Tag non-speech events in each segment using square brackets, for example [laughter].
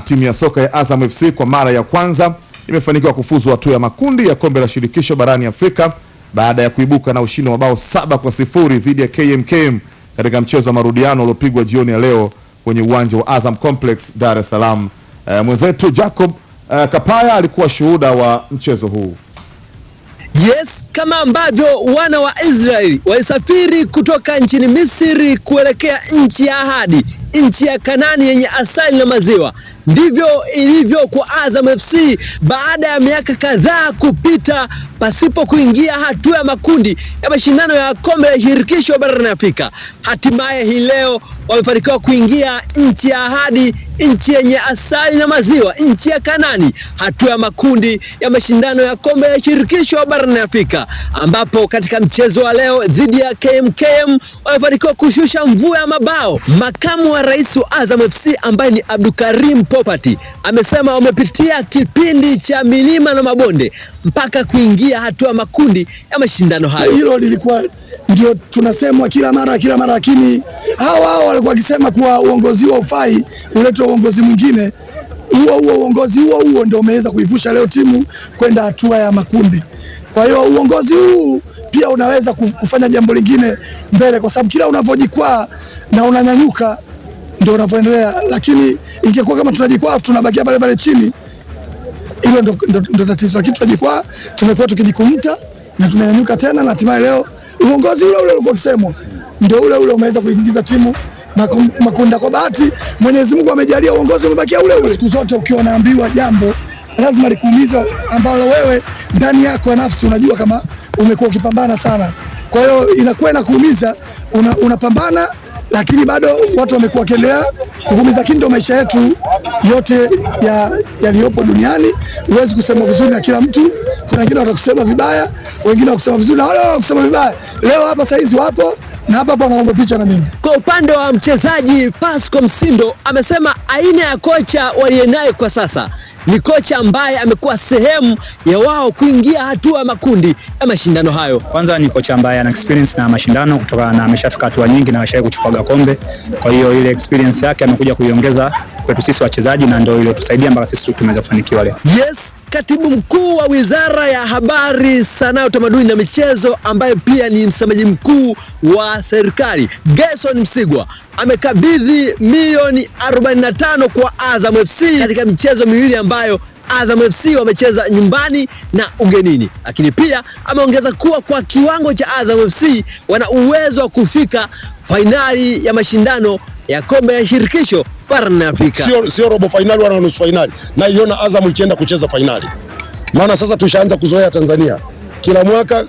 timu ya soka ya Azam FC kwa mara ya kwanza imefanikiwa kufuzu hatua ya makundi ya kombe la shirikisho barani Afrika baada ya kuibuka na ushindi wa mabao saba kwa sifuri dhidi ya KMKM katika mchezo wa marudiano uliopigwa jioni ya leo kwenye uwanja wa Azam Complex Dar es Salaam. E, mwenzetu Jacob e, Kapaya alikuwa shuhuda wa mchezo huu. Yes, kama ambavyo wana wa Israeli walisafiri kutoka nchini Misri kuelekea nchi ya ahadi, nchi ya Kanani yenye asali na maziwa Ndivyo ilivyo kwa Azam FC baada ya miaka kadhaa kupita pasipo kuingia hatua ya makundi ya mashindano ya kombe la shirikisho barani Afrika, hatimaye hii leo wamefanikiwa kuingia nchi ya ahadi nchi yenye asali na maziwa, nchi ya Kanani, hatua ya makundi ya mashindano ya kombe ya shirikisho barani Afrika, ambapo katika mchezo wa leo dhidi ya KMKM wamefanikiwa kushusha mvua ya mabao. Makamu wa rais wa Azam FC ambaye ni Abdukarim Popati amesema wamepitia kipindi cha milima na mabonde mpaka kuingia hatua ya makundi ya mashindano hayo. Hilo lilikuwa ndio tunasemwa kila mara kila mara, lakini hawa hawa walikuwa wakisema kuwa uongozi huo ufai, uletwe uongozi mwingine. Huo huo uongozi huo huo ndio umeweza kuivusha leo timu kwenda hatua ya makundi. Kwa hiyo uongozi huu pia unaweza kufanya jambo lingine mbele, kwa sababu kila unavyojikwaa na unanyanyuka ndio unavyoendelea, lakini ingekuwa kama tunajikwaa tunabakia pale pale chini, hilo ndo tatizo. Lakini tunajikwaa, tumekuwa tukijikumta na tumenyanyuka tena na hatimaye leo uongozi ule ule ulikuwa ukisemwa ndio ule ule umeweza kuingiza timu makunda. Kwa bahati Mwenyezi Mungu amejalia uongozi umebakia ule ule. Siku zote ukiwa unaambiwa jambo lazima likuumiza, ambalo wewe ndani yako ya nafsi unajua kama umekuwa ukipambana sana, kwa hiyo inakuwa inakuumiza, unapambana una lakini bado watu wamekuwa wakiendelea kuvumiza kindo maisha yetu yote yaliyopo ya duniani. Huwezi kusema vizuri na kila mtu, kuna wengine watakusema vibaya, wengine wakusema vizuri na wale wakusema vibaya. Leo hapa saizi wapo na hapa hapa wanaomba picha na mimi. Kwa upande wa mchezaji Pasco Msindo amesema aina ya kocha naye kwa sasa ni kocha ambaye amekuwa sehemu ya wao kuingia hatua ya makundi ya mashindano hayo. Kwanza ni kocha ambaye ana experience na mashindano kutokana na ameshafika hatua nyingi na ameshawahi kuchukua kombe, kwa hiyo ile experience yake amekuja kuiongeza kwetu sisi wachezaji na ndio ile tusaidia mpaka sisi tumeweza kufanikiwa leo. Yes. Katibu mkuu wa wizara ya habari, sanaa, utamaduni na michezo, ambaye pia ni msemaji mkuu wa serikali Gerson Msigwa amekabidhi milioni 45 kwa Azam FC katika michezo miwili ambayo Azam FC wamecheza nyumbani na ugenini, lakini pia ameongeza kuwa kwa kiwango cha Azam FC wana uwezo wa kufika fainali ya mashindano ya kombe ya shirikisho Parnafika. Sio sio robo fainali wala nusu finali. Naiona Azam ikienda kucheza fainali, Maana sasa tushaanza kuzoea Tanzania. Kila mwaka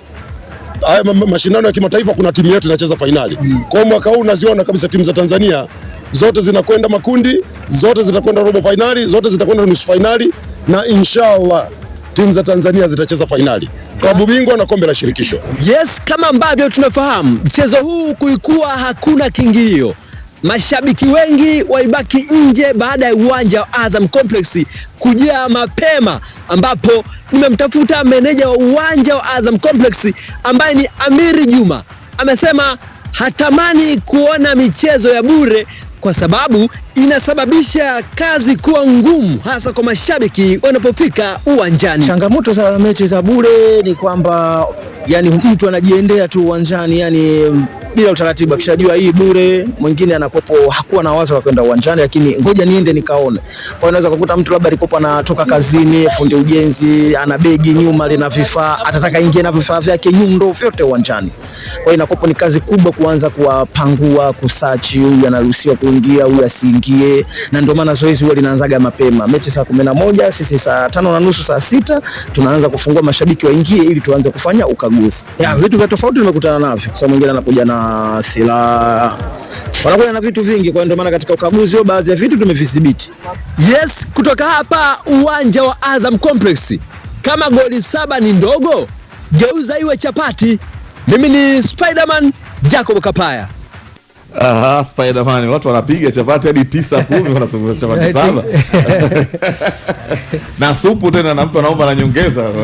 haya mashindano ya kimataifa kuna timu yetu inacheza fainali. Mm. Kwa mwaka huu unaziona kabisa timu za Tanzania zote zinakwenda makundi, zote zitakwenda robo fainali, zote zitakwenda nusu fainali, na inshallah timu za Tanzania zitacheza fainali klabu bingwa na kombe la shirikisho. Yes, kama ambavyo tunafahamu mchezo huu kuikuwa hakuna kingilio. Mashabiki wengi walibaki nje baada ya uwanja wa Azam Complex kujaa mapema, ambapo nimemtafuta meneja wa uwanja wa Azam Complex ambaye ni Amiri Juma. Amesema hatamani kuona michezo ya bure kwa sababu inasababisha kazi kuwa ngumu, hasa kwa mashabiki wanapofika uwanjani. Changamoto za mechi za bure ni kwamba yani mtu anajiendea tu uwanjani yani bila utaratibu. Akishajua hii bure, mwingine anakopo hakuwa na wazo la kwenda uwanjani, lakini ngoja niende nikaone. Kwa hiyo unaweza kukuta mtu labda alikopo anatoka kazini, fundi ujenzi, ana begi nyuma lina vifaa, atataka ingie na vifaa vyake nyundo vyote uwanjani. Kwa hiyo inakopo ni kazi kubwa kuanza kuwapangua, kusachi, huyu anaruhusiwa kuingia, huyu asiingie, na ndio maana zoezi huwa linaanzaga mapema. Mechi saa kumi na moja, sisi saa tano na nusu, saa sita tunaanza kufungua mashabiki waingie, ili tuanze kufanya ukaguzi ya vitu vya tofauti. Tumekutana navyo kwa sababu mwingine anakuja na silaha wanakuja na vitu vingi. Kwa ndio maana katika ukaguzi huo baadhi ya vitu tumevidhibiti. Yes, kutoka hapa uwanja wa Azam Complex, kama goli saba ni ndogo, geuza iwe chapati. Mimi ni Spiderman Jacob Kapaya. Aha, Spiderman, watu wanapiga chapati hadi tisa kumi wanasungusha chapati saba [laughs] na supu tena, na mtu anaomba na nyongeza [laughs]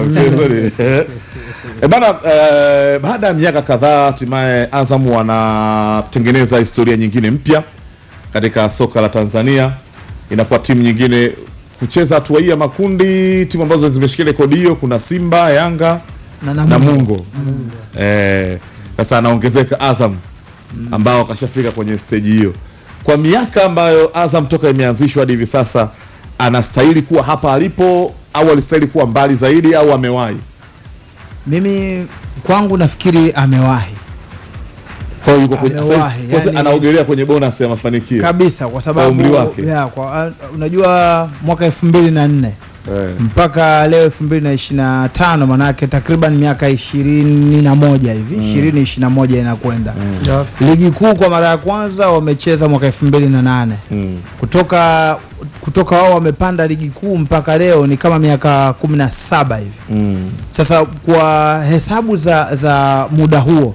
E bana e, baada ya miaka kadhaa hatimaye Azam wanatengeneza historia nyingine mpya katika soka la Tanzania. Inakuwa timu nyingine kucheza hatua hii ya makundi. Timu ambazo zimeshikia rekodi hiyo kuna Simba, Yanga na Namungo. Eh, sasa e, anaongezeka Azam mm. ambao akashafika kwenye stage hiyo. Kwa miaka ambayo Azam toka imeanzishwa hadi hivi sasa, anastahili kuwa hapa alipo au alistahili kuwa mbali zaidi au amewahi? Mimi kwangu nafikiri amewahi kwa yuko kwenye yani, anaogelea kwenye bonus ya mafanikio kabisa, kwa sababu ya, kwa, unajua mwaka elfu mbili na nne Eh. mpaka leo elfu mbili na ishirini na tano takriban miaka ishirini na moja hivi mm. ishirini mm. ishirini na moja inakwenda mm. ligi kuu kwa mara ya kwanza wamecheza mwaka elfu mbili na nane mm. kutoka kutoka wao wamepanda ligi kuu mpaka leo ni kama miaka kumi na saba hivi mm. sasa kwa hesabu za, za muda huo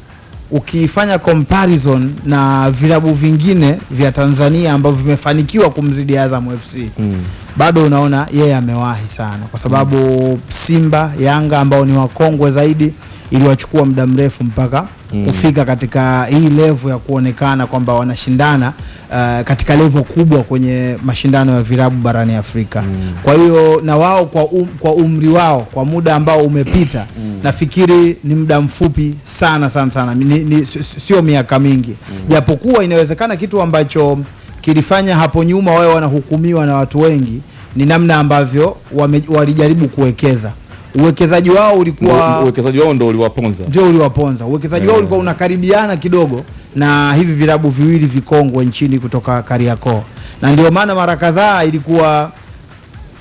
ukifanya comparison na vilabu vingine vya Tanzania ambavyo vimefanikiwa kumzidi Azam FC mm. bado unaona yeye yeah, amewahi sana kwa sababu mm. Simba, Yanga ambao ni wakongwe zaidi iliwachukua muda mrefu mpaka mm. kufika katika hii levo ya kuonekana kwamba wanashindana uh, katika levo kubwa kwenye mashindano ya virabu barani Afrika mm. kwa hiyo na wao kwa, um, kwa umri wao kwa muda ambao umepita mm. nafikiri ni muda mfupi sana sana sana ni, ni, sio miaka mingi mm. japokuwa mm. inawezekana kitu ambacho kilifanya hapo nyuma wawe wanahukumiwa na watu wengi ni namna ambavyo wame, walijaribu kuwekeza uwekezaji wao ulikuwa uwekezaji wao ndio uliwaponza, ndio uliwaponza uwekezaji yeah. wao eh. ulikuwa unakaribiana kidogo na hivi vilabu viwili vikongwe nchini kutoka Kariakoo, na ndio maana mara kadhaa ilikuwa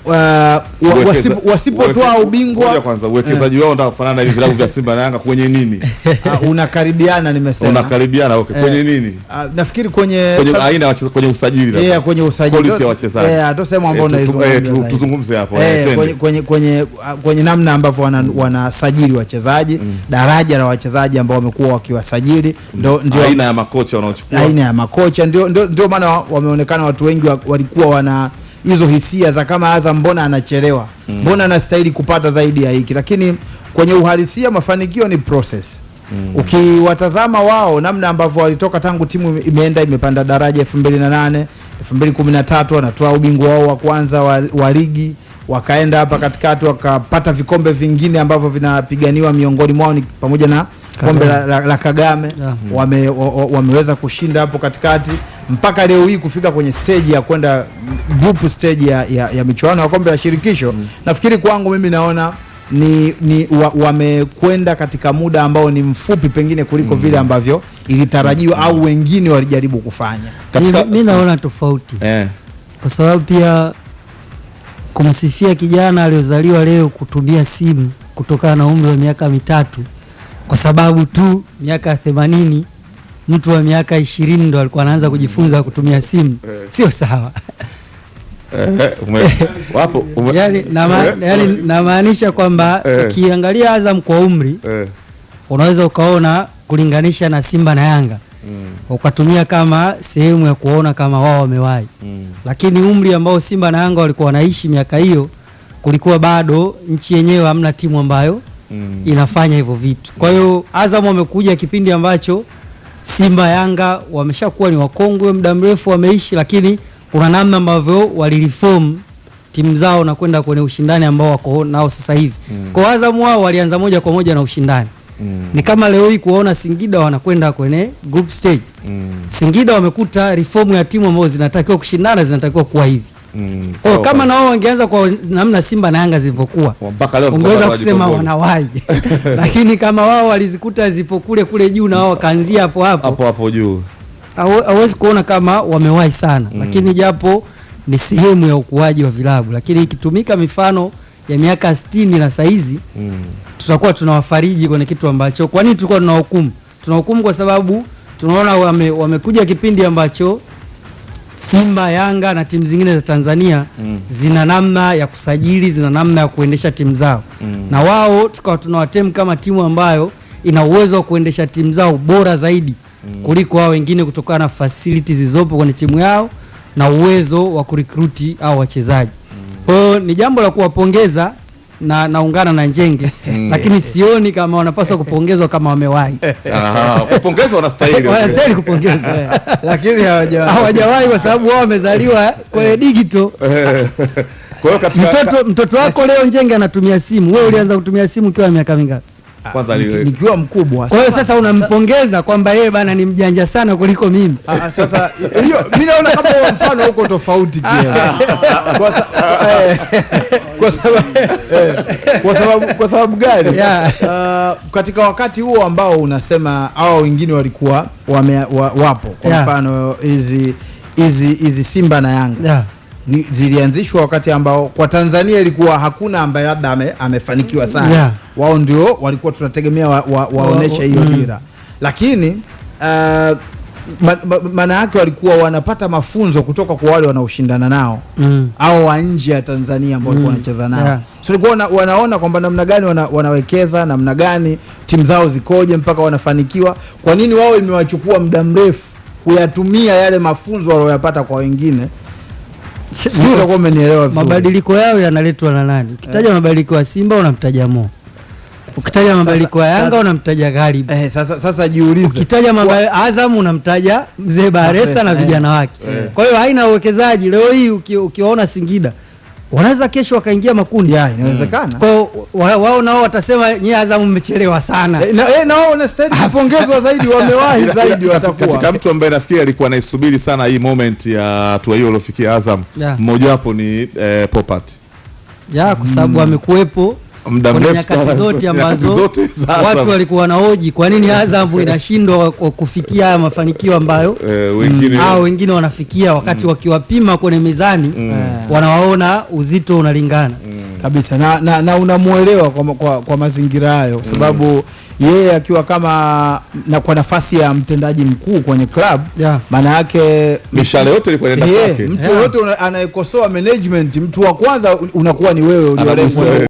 uh, wasipotoa ubingwa kwanza eh. uwekezaji wao ndio kufanana hivi vilabu vya Simba na Yanga kwenye nini? Uh, [laughs] unakaribiana, nimesema unakaribiana. Okay, eh. kwenye nini? Uh, nafikiri kwenye kwenye aina wachezaji, kwenye usajili, yeah, kwenye usajili, quality ya wachezaji, Eh, ndio sema ambao na unaizungumza, eh, tuzungumze hapo kwenye kwenye kwenye ah, kwenye namna ambavyo mm. wanasajili wachezaji, mm. daraja la wachezaji ambao wamekuwa wakiwasajili, ndio mm. ndio aina ya makocha wanaochukua, aina ya makocha, ndio ndio maana wameonekana watu wengi walikuwa wana hizo hisia za kama Azam mbona anachelewa, mm. mbona anastahili kupata zaidi ya hiki, lakini kwenye uhalisia mafanikio ni process. Mm. Ukiwatazama wao namna ambavyo walitoka tangu timu imeenda imepanda daraja 2008, 2013 wanatoa ubingwa wao wa kwanza wa, wa ligi wakaenda hapa katikati wakapata vikombe vingine ambavyo vinapiganiwa, miongoni mwao ni pamoja na kombe la, la, la Kagame yeah. Wame, wameweza kushinda hapo katikati mpaka leo hii kufika kwenye stage ya kwenda group stage ya, ya, ya michuano ya kombe la shirikisho mm. Nafikiri kwangu mimi naona ni, ni wamekwenda wa katika muda ambao ni mfupi pengine kuliko mm. vile ambavyo ilitarajiwa mm. au wengine walijaribu kufanya. Katika... mi naona tofauti eh, kwa sababu pia kumsifia kijana aliyozaliwa leo kutumia simu kutokana na umri wa miaka mitatu kwa sababu tu miaka themanini mtu wa miaka ishirini ndo alikuwa anaanza kujifunza kutumia simu, eh. sio sawa. Eh, [laughs] eh. Yani namaanisha kwamba ukiangalia Azam kwa umri unaweza ukaona kulinganisha na Simba na Yanga mm. ukatumia kama sehemu ya kuona kama wao wamewahi, mm. lakini umri ambao Simba na Yanga walikuwa wanaishi miaka hiyo, kulikuwa bado nchi yenyewe hamna timu ambayo mm. inafanya hivyo vitu. Kwa hiyo Azam wamekuja kipindi ambacho Simba Yanga wameshakuwa ni wakongwe muda mrefu wameishi, lakini kuna namna ambavyo walireform timu zao na kwenda kwenye ushindani ambao wako nao sasa hivi mm. Kwa Azamu wao walianza moja kwa moja na ushindani mm. Ni kama leo hii kuwaona Singida wanakwenda kwenye group stage mm. Singida wamekuta reform ya timu ambazo zinatakiwa kushindana zinatakiwa kuwa hivi Mm, oh, kama nao wangeanza kwa namna Simba na Yanga zilivyokuwa ungeweza kusema wanawaje [laughs] lakini kama wao walizikuta zipo kule kule juu na wao wakaanzia hapo hapo hapo hapo juu, hawezi kuona kama wamewahi sana mm. Lakini japo ni sehemu ya ukuaji wa vilabu, lakini ikitumika mifano ya miaka 60 na saizi mm. tutakuwa tunawafariji kwenye kitu ambacho, kwa nini tulikuwa tunahukumu? Tunahukumu kwa sababu tunaona wame, wamekuja kipindi ambacho Simba, Yanga na timu zingine za Tanzania mm. zina namna ya kusajili, zina namna ya kuendesha timu zao mm. na wao tukawa tunawatem kama timu ambayo ina uwezo wa kuendesha timu zao bora zaidi mm. kuliko wao wengine kutokana na facilities zilizopo kwenye timu yao na uwezo wa kurekruti au wachezaji. Mm. Kwa hiyo ni jambo la kuwapongeza na naungana na Njenge [laughs] mm. Lakini sioni kama wanapaswa kupongezwa kama wamewahi [laughs] kupongezwa, wanastahili [laughs] wanastahili kupongezwa, eh. lakini hawajawahi kwa sababu wao wamezaliwa kwenye eh. digital. Kwa hiyo mtoto wako leo Njenge anatumia simu, wewe ulianza kutumia simu ukiwa miaka mingapi? Ah. kwanza nikiwa mkubwa. Kwa hiyo sasa unampongeza kwamba yeye bana ni mjanja sana kuliko mimi. Ah, ah, sasa hiyo mimi naona kama mfano huko tofauti eh. eh, kwa sababu kwa sababu gani? Uh, katika wakati huo ambao unasema hao wengine walikuwa wame, wa, wapo kwa mfano hizi hizi hizi Simba na Yanga yeah zilianzishwa wakati ambao kwa Tanzania ilikuwa hakuna ambaye labda ame, amefanikiwa sana yeah. Wao ndio walikuwa tunategemea wa, wa, waonesha hiyo mm. dira, lakini uh, maana yake walikuwa wanapata mafunzo kutoka kwa wale wanaoshindana nao mm. au wa nje ya Tanzania ambao walikuwa mm. wanacheza nao yeah. So walikuwa wana, wanaona kwamba namna gani wana, wanawekeza namna gani timu zao zikoje mpaka wanafanikiwa. Kwa nini wao imewachukua muda mrefu kuyatumia yale mafunzo walioyapata kwa wengine Sio umenielewa vizuri. Mabadiliko yao yanaletwa na nani? Ukitaja eh. mabadiliko ya Simba unamtaja Mo. Ukitaja mabadiliko ya Yanga unamtaja Garibu. Eh, sasa sasa jiulize. Ukitaja mabadiliko Azam unamtaja Mzee Baresa na eh. vijana wake. Eh. Kwa hiyo haina uwekezaji. Leo hii ukiwaona Singida wanaweza kesho wakaingia makundi haya, inawezekana. Kwa hiyo wao nao watasema nyie Azamu mmechelewa sana. Eh, eh, na wao wanastahili [laughs] kupongezwa zaidi, wamewahi zaidi watakuwa. Katika mtu ambaye nafikiri alikuwa anaisubiri sana hii moment ya hatua hiyo aliofikia Azam, wapo ni eh, Popat, ya kwa sababu mm. amekuwepo muda mrefu zote [laughs] ambazo watu walikuwa wanahoji kwa nini Azam inashindwa kufikia haya mafanikio ambayo eh, wengine au wengine wanafikia wakati mm. wakiwapima kwenye mizani mm. eh, wanawaona uzito unalingana mm. kabisa na, na, na unamwelewa kwa, kwa, kwa mazingira hayo, sababu yeye akiwa kama na kwa nafasi ya mtendaji mkuu kwenye club yeah. maana yake mishale yote ilikuwa inaenda eh, kwake. Mtu yote yeah. anayekosoa management, mtu wa kwanza unakuwa ni wewe uliyolengwa.